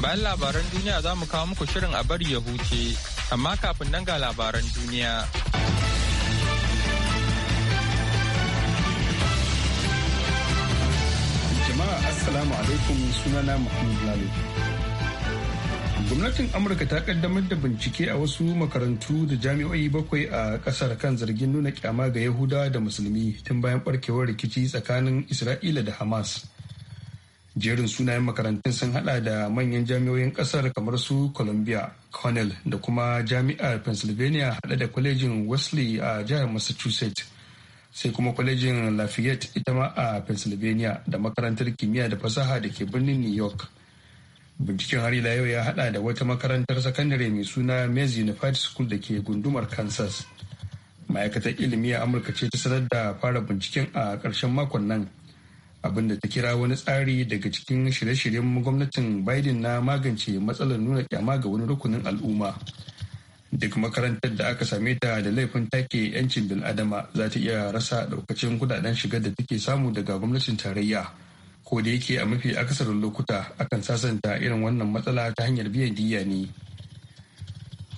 Bayan labaran duniya za mu kawo muku shirin a bari ya huce, amma kafin nan ga labaran duniya. Jama'a Assalamu alaikum sunana muhammadu Lalu. Gwamnatin Amurka ta kaddamar da bincike a wasu makarantu da jami'o'i bakwai a kasar kan zargin nuna kyama ga Yahudawa da Musulmi tun bayan barkewar rikici tsakanin Isra'ila da Hamas. jerin sunayen makarantun sun hada da manyan jami'oyin kasar kamar su columbia cornell da kuma jami'ar pennsylvania hada da kwalejin wesley a jihar massachusetts sai kuma kwalejin lafayette ita ma a pennsylvania da makarantar kimiyya da fasaha da ke birnin new york binciken har ila yau ya hada da wata makarantar sakandare mai suna maize unified school da ke gundumar kansas ma'aikatar ilimi a amurka ce ta sanar da fara binciken a ƙarshen makon nan Abin da ta kira wani tsari daga cikin shirye-shiryen gwamnatin biden na magance matsalar nuna kyama ga wani rukunin al'umma duk makarantar da aka same ta da laifin take 'yancin bil'adama za ta iya rasa daukacin kudaden shigar da take samu daga gwamnatin tarayya ko da yake a mafi akasarin lokuta akan sasanta irin wannan matsala ta hanyar biyan diya ne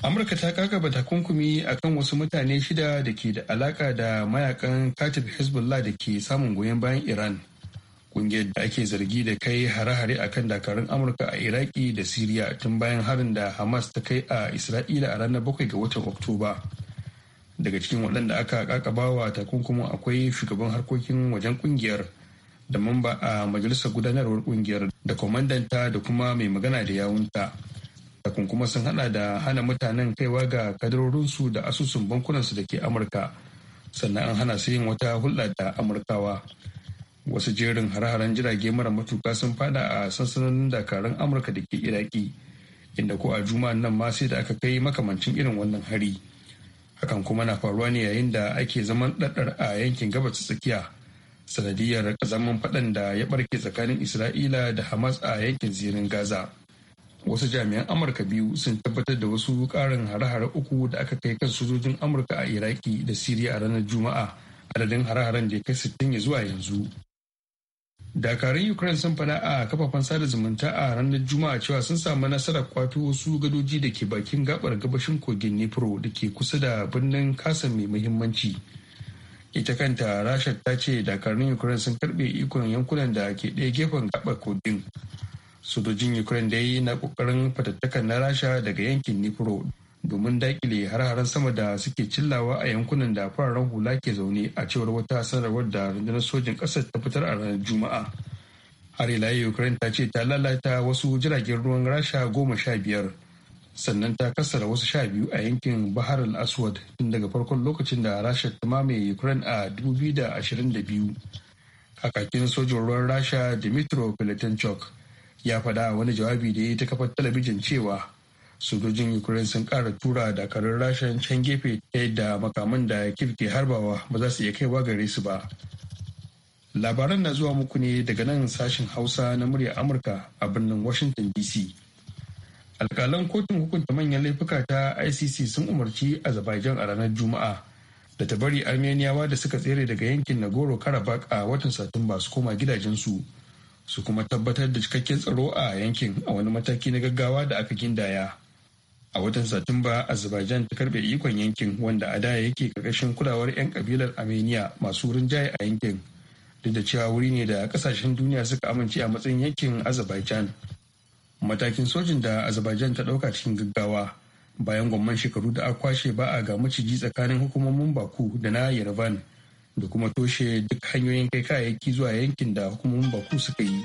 amurka ta kakaba takunkumi akan wasu mutane shida da ke da alaka da mayakan katib hezbollah da ke samun goyon bayan iran kungiyar da ake zargi da kai hare-hare a kan dakarun amurka a iraki da siriya tun bayan harin da hamas ta kai a isra'ila a ranar bakwai ga watan oktoba daga cikin waɗanda aka kakabawa takunkumin akwai shugaban harkokin wajen kungiyar da mamba a majalisar gudanarwar kungiyar da kwamandanta da kuma mai magana da yawunta takunkuma sun hada da hana mutanen kaiwa ga kadarorinsu da asusun bankunansu da ke amurka sannan an hana su yin wata hulɗa da amurkawa wasu jerin har-haren jirage mara matuka sun fada a sansanonin dakarun amurka da ke iraki inda ko a juma'a nan ma sai da aka kai makamancin irin wannan hari hakan kuma na faruwa ne yayin da ake zaman ɗaɗɗar a yankin gabas tsakiya sanadiyar zaman faɗan da ya ɓarke tsakanin isra'ila da hamas a yankin zirin gaza wasu jami'an amurka biyu sun tabbatar da wasu ƙarin hare-hare uku da aka kai kan sojojin amurka a iraki da siriya a ranar juma'a adadin hare-haren da ya kai sittin ya zuwa yanzu dakarun ukraine sun faɗa a kafafen sada zumunta a ranar juma'a cewa sun samu nasarar kwato wasu gadoji da ke bakin gabar gabashin kogin nepro da ke kusa da birnin kasa mai muhimmanci ita kanta rasha ta ce dakarun ukraine sun karbe ikon yankunan da ke ɗaya gefen gabar kogin sojojin ukraine da yi na kokarin fatattakan na rasha daga yankin nepro domin dakile har-haren sama da suke cillawa a yankunan da fararen hula ke zaune a cewar wata sanarwar da rundunar sojin ƙasar ta fitar a ranar juma'a har ila ukraine ta ce ta lalata wasu jiragen ruwan rasha goma sha biyar sannan ta kassara wasu sha biyu a yankin bahar al-aswad tun daga farkon lokacin da rasha ta mamaye ukraine a 2022 kakakin sojin ruwan rasha dimitro filatenchuk ya faɗa wani jawabi da ya ta kafar talabijin cewa sojojin ukraine sun kara tura dakarar rashin can gefe ta yadda makaman da kif ke harbawa ba za su iya kaiwa gare su ba labaran na zuwa muku ne daga nan sashen hausa na murya amurka a birnin washington dc alkalan kotun hukunta manyan laifuka ta icc sun umarci azerbaijan a ranar juma'a da ta bari armeniyawa da suka tsere daga yankin nagoro karabakh a watan satumba su koma gidajensu su kuma tabbatar da cikakken tsaro a yankin a wani mataki na gaggawa da aka gindaya a watan satumba azerbaijan ta karbe ikon yankin wanda a da yake karkashin kulawar 'yan kabilar armenia masu rinjaye a yankin duk da cewa wuri ne da kasashen duniya suka amince a matsayin yankin azerbaijan matakin sojin da azerbaijan ta dauka cikin gaggawa bayan gwamman shekaru da aka kwashe ba a ga maciji tsakanin hukumomin baku da na yerevan da kuma toshe duk hanyoyin kai kayayyaki zuwa yankin da hukumomin baku suka yi.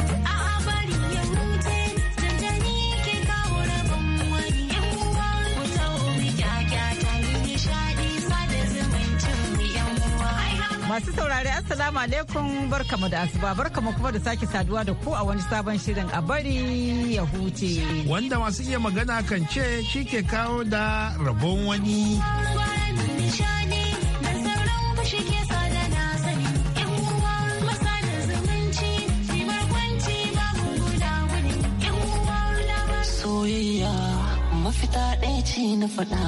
Masu saurari Assalamu alaikum barkamu da asuba barkamu kuma da sake saduwa da ku a wani sabon shirin a bari ya huce. Wanda masu iya magana kan ce shi ke kawo da rabon wani. Soyayya mafita ɗaya ce na faɗa.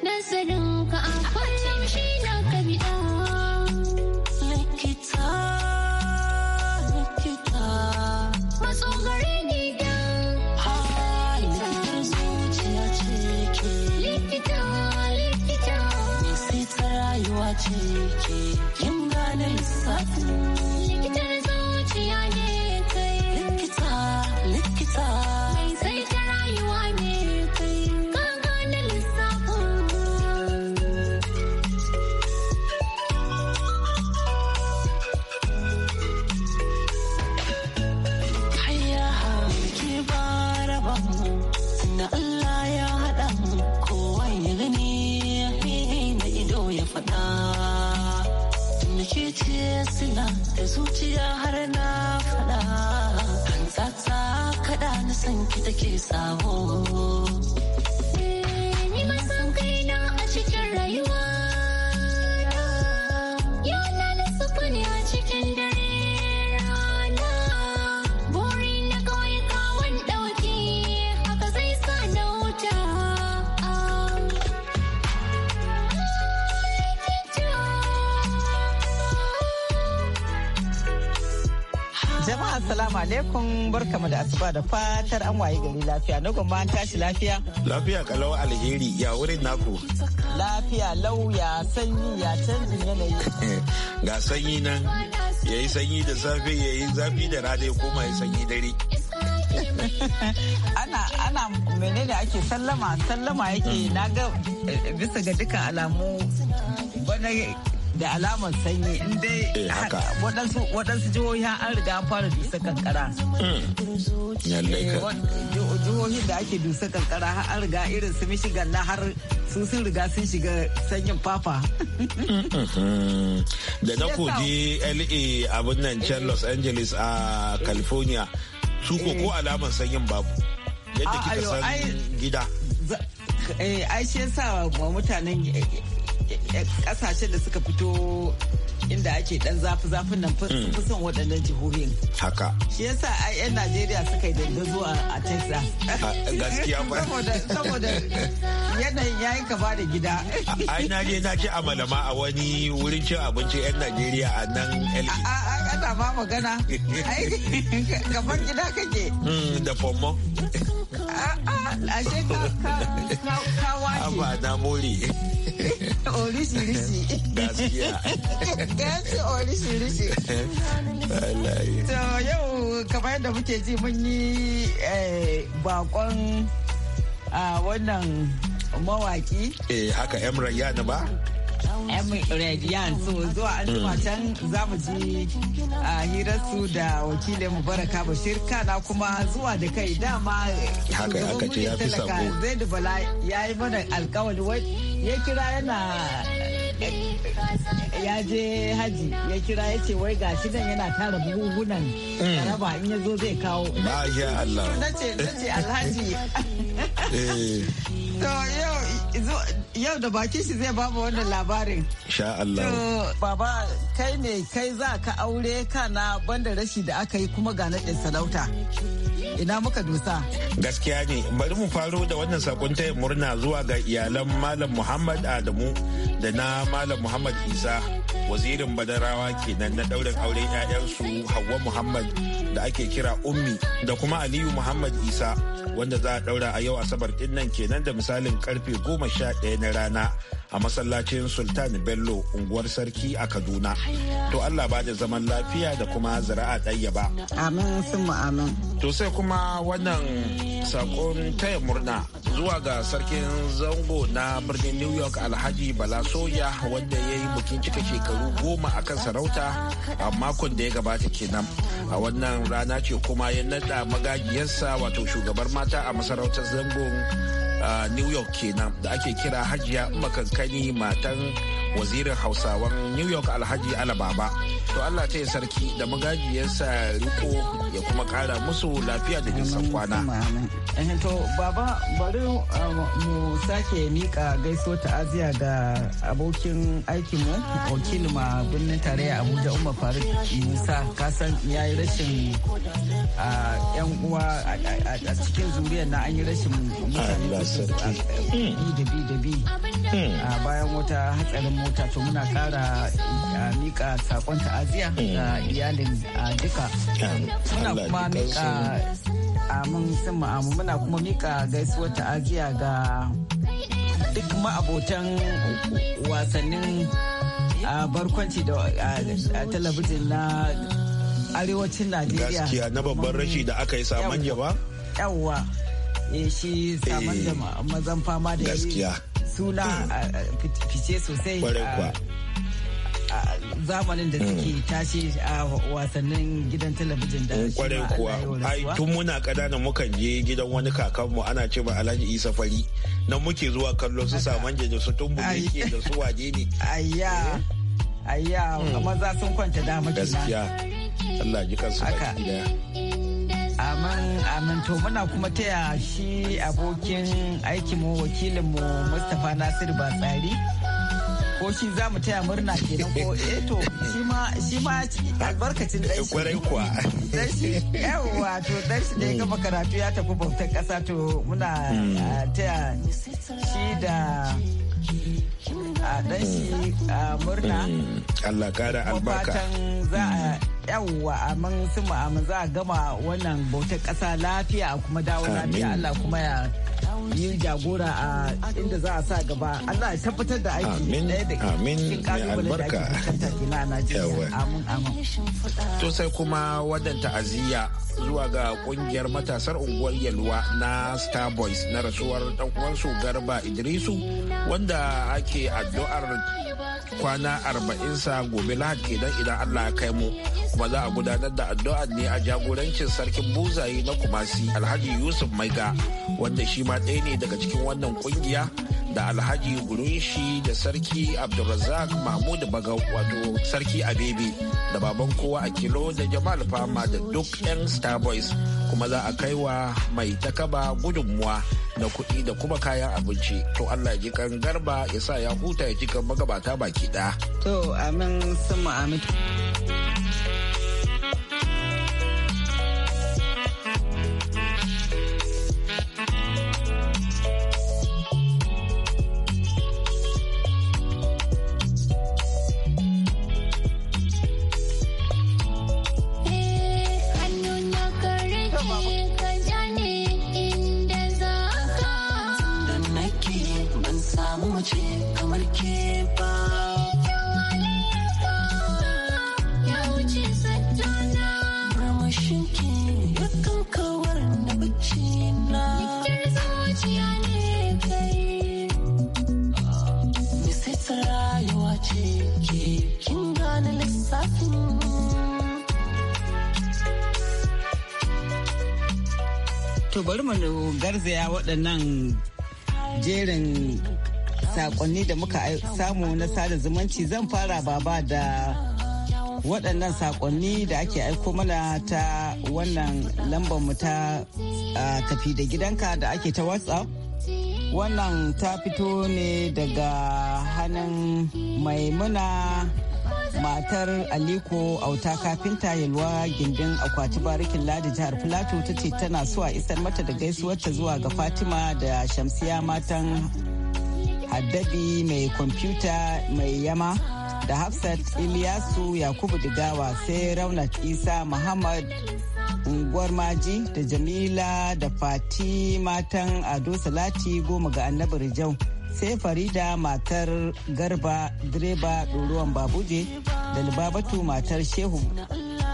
Nazarin ka love. zuciya har na fada an tsatsa kada na san ki take sawo Assalamu alaikum barkamu da asuba da fatar an waye gari lafiya na gwamma an tashi lafiya. Lafiya kalau alheri ya wurin naku. Lafiya lau ya sanyi ya canjin yanayi. Ga sanyi nan ya yi sanyi da safe ya yi zafi da rana ya koma ya sanyi dare. ana ana menene ake sallama sallama yake na ga eh, bisa ga dukkan alamu wani da alamar sanyi in dai eh, waɗansu jihohi an riga an fara dusa kankara. Hmm. Eh, jihohi da ake dusa kankara har an riga irin su Michigan na har sun sun riga sun shiga sanyin fafa. Mm-hmm. Da na koji LA abin nan can Los eh. Angeles a California su ko ko alamar sanyin babu. Yadda kika ah, san gida. Ai shi yasa wa mutanen kasashen da suka fito inda ake dan zafi zafin nan hmm. fi son waɗannan jihohin. Haka. Shi yasa a 'yan Najeriya suka yi dandazo a Texas. Gaskiya ba. Saboda yanayin yayin ka ba da gida. Ai na je na ci malama a wani wurin cin abinci 'yan Najeriya a nan LA. Ana ma magana. Ai gaban gida kake. Hmm, da fomo. Ashe ka wace. ba na more. oríṣiríṣi. Gaskiya oríṣiríṣi. To yau kamar yadda muke ji mun yi eh, bakon ah, wannan mawaki. Eh haka Emra Yana ba? yan so zuwa an jima can za mu ji hirarsu da wakilin mubaraka bashir kana kuma zuwa da kai dama haka aka ce ya fi sako zai da bala ya yi mana alkawari wai ya kira yana ya je haji ya kira ya ce wai ga shi nan yana tara bugugunan mm. raba in ya zo zai kawo ba Allah na ce alhaji eh. to yau da bakin shi zai babu wannan labarin sha Allah baba kai ne kai za ka aure kana banda rashi da aka yi kuma ga naɗin sarauta ina muka dusa. Gaskiya ne bari mu faro da wannan sakon murna zuwa ga iyalan Malam Muhammad Adamu da na Malam Muhammad Isa wazirin Badarawa kenan na daurin auren 'ya'yansu Hauwa Muhammad da ake kira Ummi da kuma Aliyu Muhammad Isa wanda za a daura a yau Asabar ɗin nan kenan da misalin karfe goma sha ɗaya na rana a masallacin sultan bello unguwar sarki a kaduna to allah ba da zaman lafiya da kuma zira'a ɗayyaba amin sun amin to sai kuma wannan sakon taya murna zuwa ga sarkin zango na birnin new york alhaji bala soya wanda ya yi bikin cika shekaru goma a kan sarauta a makon da ya gabata kenan a wannan rana ce kuma ya naɗa magajiyarsa wato shugabar mata a masarautar zangon new york kenan da ake kira hajiya makankani matan wazirin hausawan new york alhaji alababa to allah ta yi sarki da magajiyarsa riko ya kuma kara musu lafiya da jinsan kwana eh, to baba bari eh, mu sake mika gaiso ta'aziya ga abokin aikinmu wakil ma birnin tarayya abuja umar faruk musa kasan ya yi rashin ah, yan uwa a cikin zuriyar na an yi rashin mutane ah, da bi da bi Hmm. bayan wata hatsarin mota to muna kara mika sakon ta'aziya hmm. ga iyalin duka muna kuma mika amin sun ma'amu muna kuma mika gaisuwar ta'aziya ga duk ma'abotan wasannin barkwanci da talabijin na arewacin najeriya gaskiya na babban rashi da aka yi saman ba yawwa eh, shi saman da eh. mazan fama da gaskiya suna mm. fice sosai zamanin da suke mm. tashi a wasannin gidan talabijin da eh, kwarai kuwa ai tun muna ƙananan mukan je gidan wani kakanmu ana ce ba alhaji isa fari nan muke zuwa kallo su saman jeje su tumbu ke da su waje ne ayya ayya eh. maza sun kwanta dama gaskiya Allah ji kansu baki daya amin to muna kuma taya shi abokin aikinmu wakilinmu mustapha nasiru batsari ko shi za mu taya murna kenan ko eh to shi ma shi ma albarkacin dai shi kwarai kuwa dai shi yawa to dai shi da ya karatu ya tafi bautar kasa to muna hmm. ah, taya shi da ah, dan shi ah, murna hmm. Allah kara albarka fatan za a yawwa amin su ma'amin za a gama wannan bautar ƙasa lafiya kuma dawo lafiya Allah kuma ya yi jagora a inda za a sa gaba Allah ya tabbatar da aiki ɗaya da cikin kalubalen da ake fuskanta amin amin. To sai kuma wadan ta'aziyya zuwa ga kungiyar matasar unguwar Yalwa na star boys na rasuwar dan uwansu Garba Idrisu wanda ake addu'ar kwana arba'in sa gobe lahad kenan idan allah ya kai mu kuma za a gudanar da addu'a ne a jagorancin sarkin buzaye na kumasi alhaji yusuf maiga wanda shi ma ɗaya ne daga cikin wannan kungiya da alhaji gurushi da sarki abdulrazak mahmud bagau wato sarki abebe da baban kowa a kilo da jamal fama da duk 'yan starboys kuma za a kai wa mai takaba gudunmuwa na kuɗi da kuma kayan abinci to allah ya ji kan garba ya sa ya huta ya ji kan magabata baki ɗaya to amin sun garzaya waɗannan jerin sakonni da muka samu na sada zumunci zan fara baba da waɗannan sakonni da ake aiko mana ta wannan lambar mu ta tafi da gidanka da ake ta whatsapp wannan ta fito ne daga hannun maimuna matar aliko auta kafinta yalwa gindin akwati barikin ladi jihar filato ta ce tana so a isar mata da gaisuwarta zuwa ga fatima da shamsiya matan haddadi mai kwamfuta mai yama da hafsat iliyasu yakubu digawa sai raunat isa muhammad unguwar maji da jamila da fati matan ado salati goma ga annabi rijau sai farida matar garba direba ɗoruwan babuje da libabatu matar shehu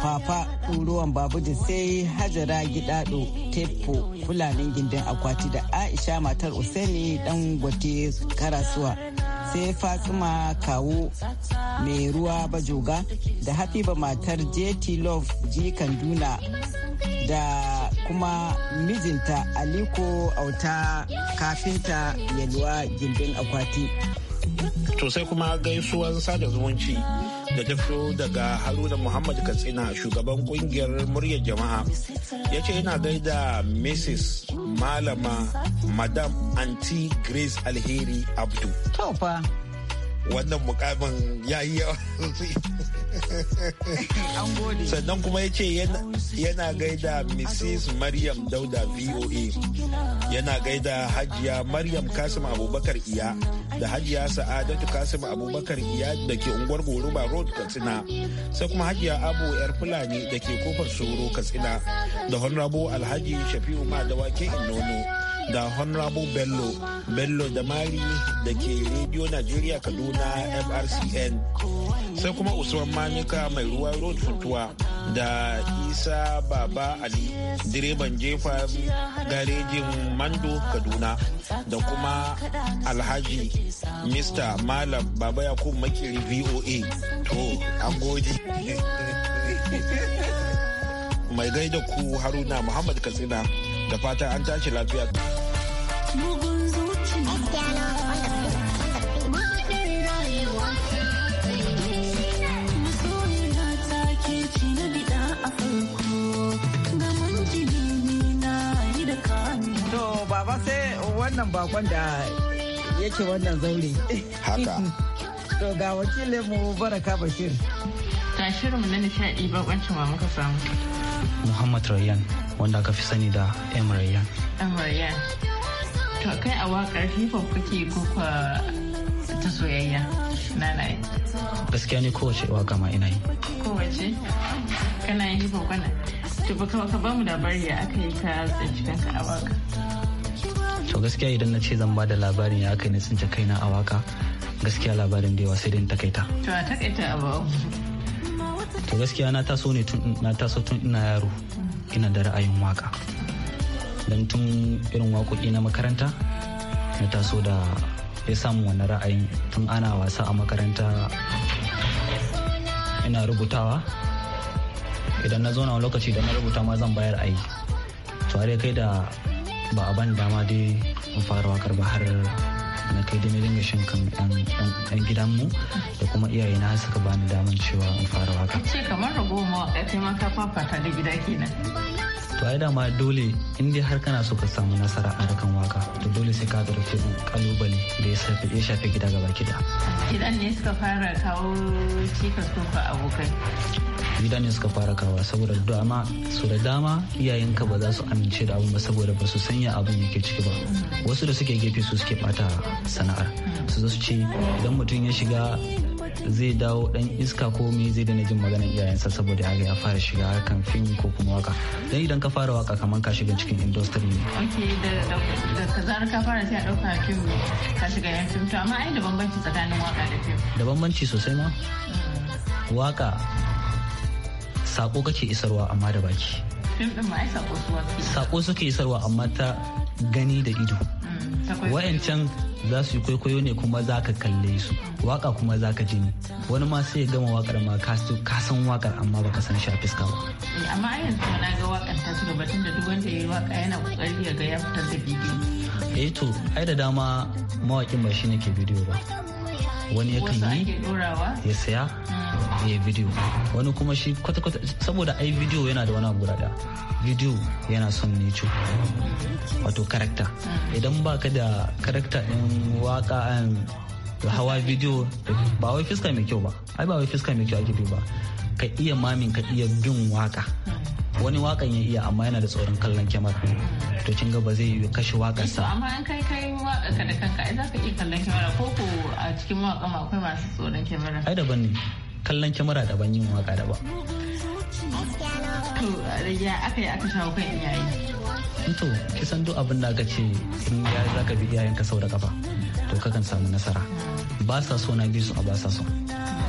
fafa ɗoruwan babuje sai hajara gidaɗo tepo fulanin gindin akwati da aisha matar usaini dan gwate karasuwa sai fatima kawo mai ruwa bajoga da hafiba matar jeti love ji kanduna da kuma mijinta aliko auta kafinta ya yalwa gindin akwati to sai kuma gaisuwan sada zumunci da ta fito daga haruna muhammad katsina shugaban kungiyar muryar jama'a ya ce yana gaida mrs malama madam anti grace alheri abdu wannan mukamin ya yi yawa sannan kuma ya ce yana gaida mrs maryam dauda voa yana gaida hajiya maryam kasim abubakar iya da hajiya sa'adatu kasim abubakar iya da ke unguwar goruba road katsina sai kuma hajiya abu yar fulani da ke kofar soro katsina da honrabo alhaji shafi'u ma dawakin innono da honorable bello bello da mari da ke radio nigeria kaduna mrcn sai kuma usman manika mai ruwa road funtuwa da isa baba ali direban jefa garejin mando kaduna da kuma alhaji mr malam baba yakubu makiri voa to an gode mai gaida ku haruna muhammad katsina da fatan an tashi lafiya. baba wannan bakon da yake wannan zaure. Haka. To ga wakilin mu Baraka Bashir. Tashirinmu na nishadi bakon wa muka samu. Muhammad Rayyan. wanda aka fi sani da Emrayyan. yan To kai a wakar hip hop kake kuka ta soyayya na na Gaskiya ne kowace waka ma ina yi. Kowace? Kana yin hip hop kana? To baka ka ba mu bari ya aka yi ka tsinci kanka a waka. To gaskiya idan na ce zan ba da labarin ya aka yi na tsinci kaina a waka gaskiya labarin da yawa sai dai takaita. To a takaita a ba. To gaskiya na taso ne tun na taso tun ina yaro. Mm-hmm. ina da ra'ayin waka don tun irin waƙoƙi na makaranta na taso da ya samu wani ra'ayin tun ana wasa a makaranta ina rubutawa idan na zo na lokaci da na rubuta ma zan bayar ayi to kai da ba a ban dama dai in fara wakar ba har na kai da na dinga shan kan gidanmu da kuma iyaye na suka bani daman cewa in fara waka. Ce kamar ragowar a ƙarfi ma ka ta da gida kenan. to ai dama dole in dai har kana so ka samu nasara a harkan waka to dole sai ka ɗin kalubale da ya shafi ya shafi gida gaba gida. Gidan ne suka fara kawo cikas ko abokai. gida ne suka fara kawa saboda dama su da dama iyayenka ba za su amince da abin ba saboda ba su sanya abin yake ciki ba wasu da suke gefe su suke bata sana'ar su zo su ce idan mutum ya shiga zai dawo dan iska ko me zai dana jin maganar iyayensa saboda haka ya fara shiga harkan fim ko kuma waka dan idan ka fara waka kamar ka shiga cikin industry ne da zarar ka fara sai a dauka fim ka shiga yan fim to amma ai da bambanci tsakanin waka da fim da bambanci sosai ma mm. waka sako kake isarwa amma da baki sako suke isarwa amma ta gani da ido mm, wayancan za su yi kwaikwayo ne kuma za ka kalle su waka kuma za ka jini wani ma sai ya gama wakar ma ka san wakar amma baka san shi a fiska ba eh, amma a yanzu na ga wakar ta su gabatun da duk wanda ya yi waka yana kokari ya ga ya fitar da bidiyo eh to ai da dama mawakin ba shine ke bidiyo ba wani yakan yi ya saya mm. iya bidiyo wani kuma shi kwata-kwata saboda ai bidiyo yana da wani abu guda bidiyo yana son nicho wato karakta idan ba ka da karakta in waka um, hawa bidiyo ba wai fiska mai kyau ba ai ba wai fiska mai kyau ake bi ba ka iya mamin ka iya bin waka wani wakan ya iya amma yana da tsoron kallon kyamar to kin ga ba zai yi kashe wakar sa amma an kai kai waka da kanka ai za ka iya kallon kyamar ko ko a cikin waka akwai masu tsoron kyamar ai daban ne kallon kyamara daban yin waka daban to ya aka kisan duk abin da aka ce in ya zaka bi ka sau da kafa to kakan samu nasara ba sa so na bi su a ba sa so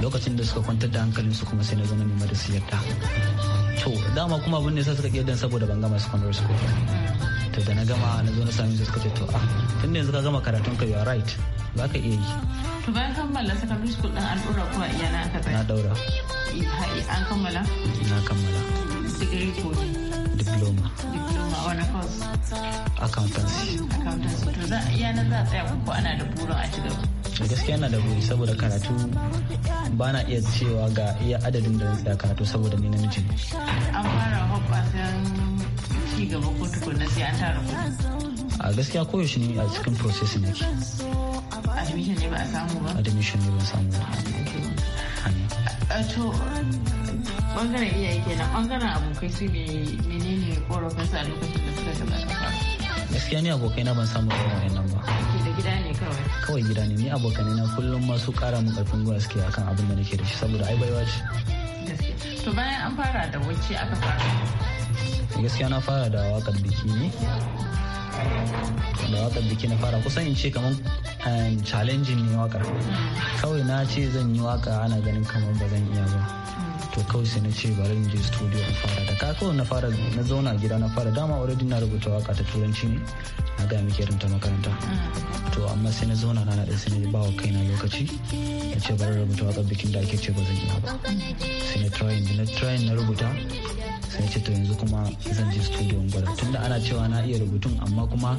lokacin da suka kwantar da hankalin su kuma sai na zama nema da su yadda to dama kuma abin da sa suka kiyar saboda ban gama secondary school to da na gama na zo na sami su suka ce to a ah, tun da yanzu ka gama karatun ka you right ba ka iya yi to bayan kammala secondary school din an dora kuma iyana aka tsaya na daura an kammala na kammala degree ko diploma diploma a wani course accountancy accountancy to za iyana za a tsaya ko ana da burin a shiga da gaskiya na da buri saboda karatu ba na iya cewa ga iya adadin da zai karatu saboda ni namiji ne an fara hoɓɓasan ci gaba ko tukunna sai an tara a gaskiya koyaushe ne a cikin processing ne. admission ne ba a samu ba admission ne ba a samu ba eh, to bangaren iyaye kenan bangaren abokai su ne menene korafin sa lokacin da suka gaba gaskiya ni abokai na ban samu irin wayannan ba da gida ne kawai kawai gida ne ni abokanai na kullum masu kara mu karfin gwiwa suke akan abin da nake da shi saboda ai baiwa ce to bayan an fara da wacce aka fara gaskiya na fara da wakar biki ne da wakar biki na fara kusan in ce kamar challenging ne waka kawai na ce zan yi waka ana ganin kamar ba zan iya ba to kawai sai na ce bari in je studio in fara da kaka na fara na zauna gida na fara dama already na rubuta waka ta turanci ne na ga muke rinta makaranta to amma sai na zauna na da sai na ba wa kaina lokaci na ce bari rubuta waka bikin da ake ce ba zan iya ba sai na in na trying na rubuta sai ce to yanzu kuma zan je studio in gwada tunda ana cewa na iya rubutun amma kuma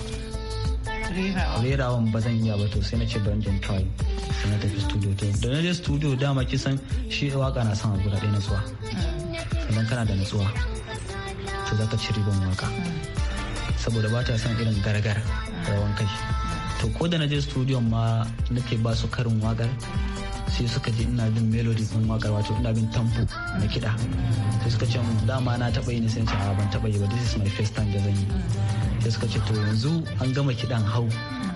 rerawan ba zan iya ba to sai na ce brandon try sai na tafi studio to da na je studio dama kisan shi waka na son abu da ɗaya natsuwa sannan kana da natsuwa to zaka ci riban waka saboda ba ta son irin gargar rawan kai to ko da na je studio ma nake ba su karin wagar. sai suka ji ina bin melody din wakar wato ina bin tampo na kiɗa sai suka ce dama na taɓa yi ne sai ce a ban taɓa yi ba this is my first time da zan yi sai suka ce to yanzu an gama kiɗan hau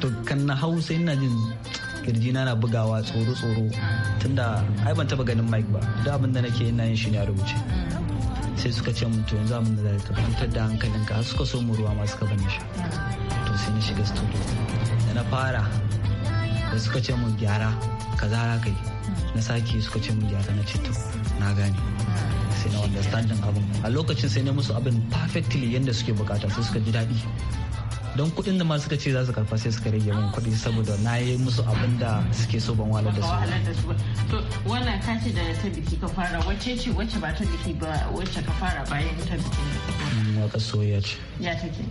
to kan na hau sai ina jin kirji na na bugawa tsoro tsoro tunda ai ban taɓa ganin mic ba duk abin da nake ina yin shi ne a rubuce sai suka ce mun to yanzu abin da zai kwantar da hankalinka har suka so mu ruwa ma suka bani shi to sai na shiga studio da na fara da suka ce mun gyara kaza ka yi na sake suka ce mun gyara na ceto na gane sai na understanding abin a lokacin sai na musu abin perfectly yadda suke bukata sai suka ji daɗi don kuɗin da ma suka ce za su karfa sai suka rage min kuɗi saboda na yi musu abin da suke so ban walar da su to ka ce da ta biki ka fara wacce ce wacce ba ta biki ba wacce ka fara bayan ta biki hmm, waka soyayya ce ya take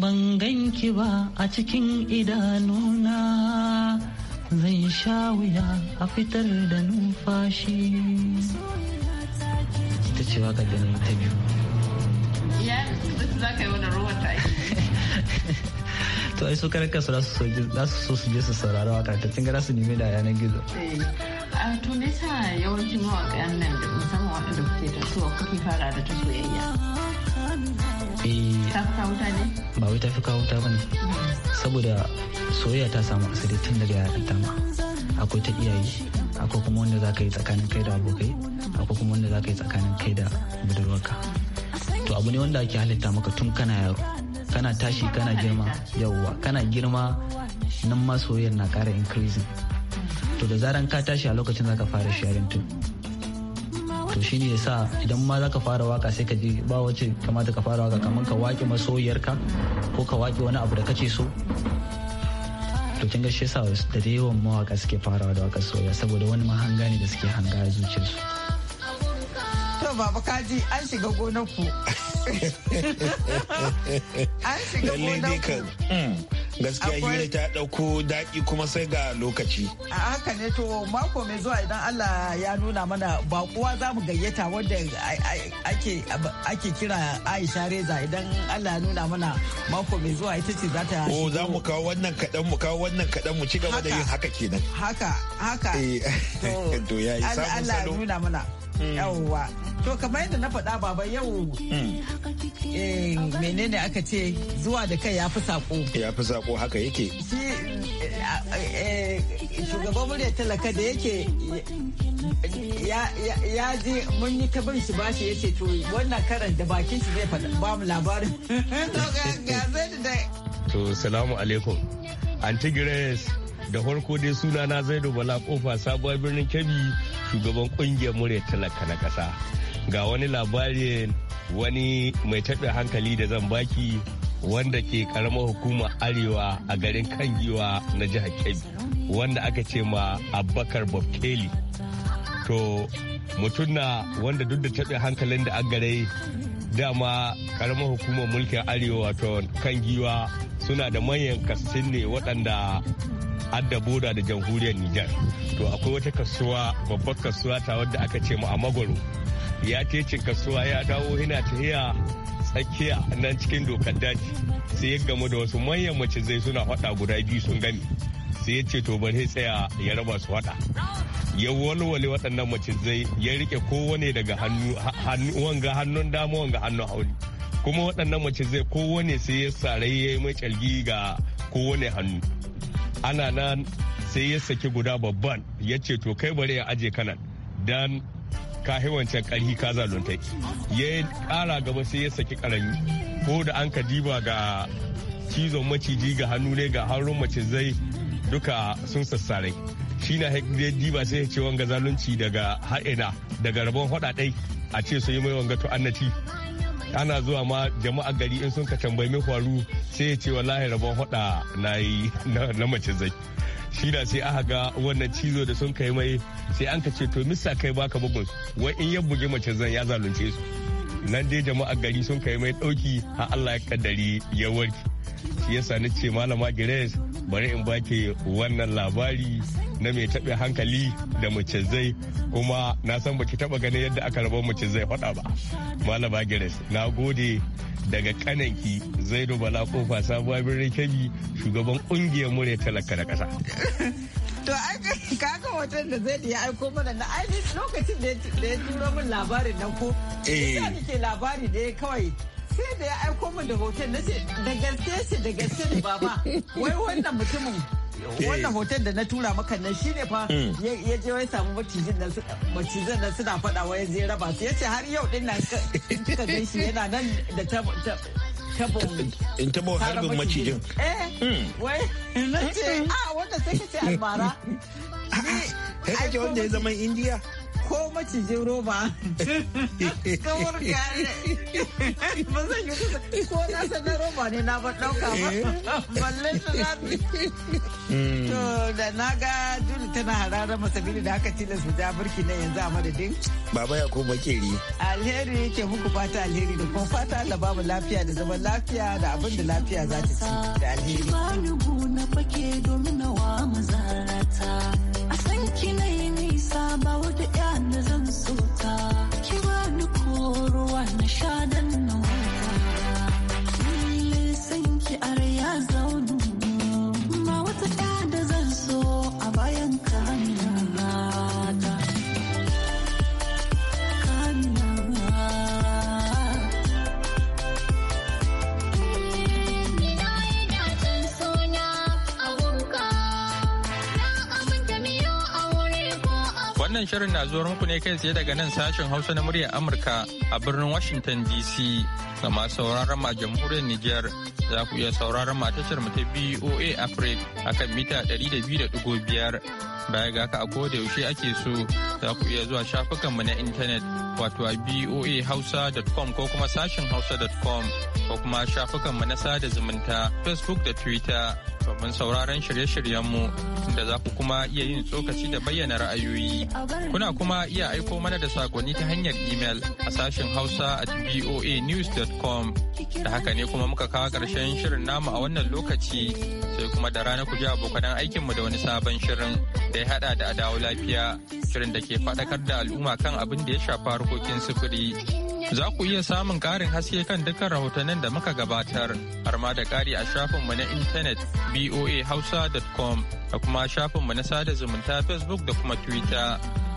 ban ganki ba a cikin idanuna zan sha wuya a fitar da numfashi ita ce waka da ta biyu ya za ka yi wani ruwan ta to ai su su za su so su je su saurari waka ta gara su nemi da yanar gizo eh, a to me yawancin nan musamman waɗanda kuke da su kuke fara da ta soyayya Eh, ta fi kawo ba wai ta fi kawo ta bane saboda soyayya ta samu asali tun daga yaran ta ma akwai ta iyaye akwai kuma wanda za ka yi tsakanin kai da abokai akwai kuma wanda za ka yi tsakanin kai da budurwarka to abu ne wanda ake halitta maka tun kana yaro kana tashi kana girma yawwa kana girma nan ma soyayyar na kara increasing to da zaran ka tashi a lokacin zaka fara sharing tun to ya sa idan ma za ka fara waka sai ka je ba wace kamata ka fara waka kamar ka wake masoyiyarka ko ka wake wani abu da kace so to kin ga shi yasa da da yawan mawaka suke farawa da waka soyayya saboda wani mahanga ne da suke hanga zuciyarsu to baba kaji an shiga an shiga gonar ku hmm. gaskiya hira ta dauko daki kuma sai ga lokaci a haka ne to mako mai zuwa idan Allah ya nuna mana kowa za mu gayyata wanda ake kira Aisha Reza idan Allah ya nuna mana mako mai zuwa ita ce za ta oh za mu kawo wannan kaɗan mu kawo wannan kaɗan mu ci gaba da yin haka kenan haka haka eh, to ya yi samun salo Allah ya nuna mana Mm. yawwa to kamar yadda na faɗa baba yau mm. eh, menene aka ce zuwa da kai ya fi sako ya fi sako haka yake eh, eh, shugaban murya talaka da yake ya je mun yi ta bin shi bashi ya ce to wannan karan da bakin shi zai faɗa ba mu labarin to salamu alaikum anti grace da farko dai suna na zai bala kofa sabuwar birnin kebbi shugaban kungiyar murya talaka na ƙasa ga wani labarin wani mai taɓe hankali da zan baki wanda ke karamar hukumar arewa a garin kan giwa na jihar kebbi wanda aka ce ma abubakar bobkeli to mutum na wanda duk da taɓe hankalin da agare dama karamar hukumar mulkin arewa wato giwa suna da manyan kastin ne waɗanda adda boda da jamhuriyar Nijar. To akwai wata kasuwa babbar kasuwa ta wadda aka ce mu a Magoro. Ya cin kasuwa ya dawo yana tahiya tsakiya nan cikin dokar daji sai ya gamu da wasu manyan mace zai suna hada guda biyu sun gami sai ya ce to bari tsaya ya raba su hada ya walwale waɗannan mace zai ya rike kowane daga hannu wanga hannun dama wanga hannun hauli kuma waɗannan mace zai kowane sai ya sarai ya yi mai ga kowane hannu ana nan sai ya saki guda babban ya ce to kai bari ya aje kanan dan ka wancan karhi ka zaluntai ya kara gaba sai ya saki karami ko da an ka diba ga cizon maciji ga hannu ne ga hannun zai duka sun sassare shi na diba sai ya ce wanga zalunci daga haɗina daga rabon hada a ce su yi mai wanga to annati ana zuwa ma jama'a gari in sun ka tambayi mai faru sai ya ce wallahi rabon hada na yi na mace zai shi da sai aka ga wannan cizo da sun kai mai sai an ka ce to mista kai baka bugun wai in ya buge mace zan ya zalunce su nan dai jama'a gari sun kai mai dauki har Allah ya kaddari ya warki shi yasa ni ce malama Grace bari in baki wannan labari na mai taɓe hankali da mace zai kuma na san baki taɓa ganin yadda aka raba mace zai faɗa ba malama gires na gode daga kananki zaidu bala kofa sabuwa birnin kebbi shugaban kungiyar murya talaka da kasa to ga hoton da zai ya aiko mana na ainihin lokacin da ya turo min labarin nan ko eh ke labari da kawai sai da ya aiko min da hoton na ce da gaske ce da gaske ne baba wai wannan mutumin wannan hoton da na tura maka nan shine fa hmm. ya je wai samu macijin nan suna faɗa wai zai raba su yace har yau din nan ka gan shi yana nan da ta in tabo harbin macijin eh hmm. wai na ce hmm. a ah, wanda sai ka ce almara kai kake wanda ya zama indiya ko macijin roba kawar gare ba zan yi ko na san na roba ne na ba ɗauka ba eh? balle su zafi hmm. to da na ga dole tana harara masabili da aka tilas mu ja burki na yanzu a madadin baba ya ko makeri alheri yake muku fata alheri da kuma fata Allah babu lafiya da zaman lafiya da abin da lafiya za ta ci da alheri na fake domin nawa mazarata a sanki na ba wata ya na zan tsota ki ba ni ko ruwa na sha dan Wannan shirin na zuwa muku ne kai tsaye daga nan sashen Hausa na muryar Amurka a birnin Washington DC ga masu sauraron ma jamhuriyar Nijar za ku iya sauraron ma tashar mu ta BOA Africa akan mita 200.5 baya ga ka a koda yaushe ake so za ku iya zuwa shafukan mu na intanet wato a boahausa.com ko kuma sashin hausa.com ko kuma shafukan mu na sada zumunta Facebook da Twitter domin sauraron shirye-shiryen mu da za ku kuma iya yin tsokaci da bayyana ra'ayoyi kuna kuma iya aiko mana da sakonni ta hanyar email a sashin hausa at boanews.com hausa.com da haka ne kuma muka kawo ƙarshen shirin namu a wannan lokaci sai kuma da rana ku ji abokanan aikinmu da wani sabon shirin da ya hada da adawo lafiya shirin da ke faɗakar da al'umma kan abin da ya shafa harkokin sufuri. Za ku iya samun ƙarin haske kan dukkan rahotannin da muka gabatar har ma da ƙari a shafinmu na intanet hausa.com da kuma shafinmu na sada zumunta facebook da kuma twitter.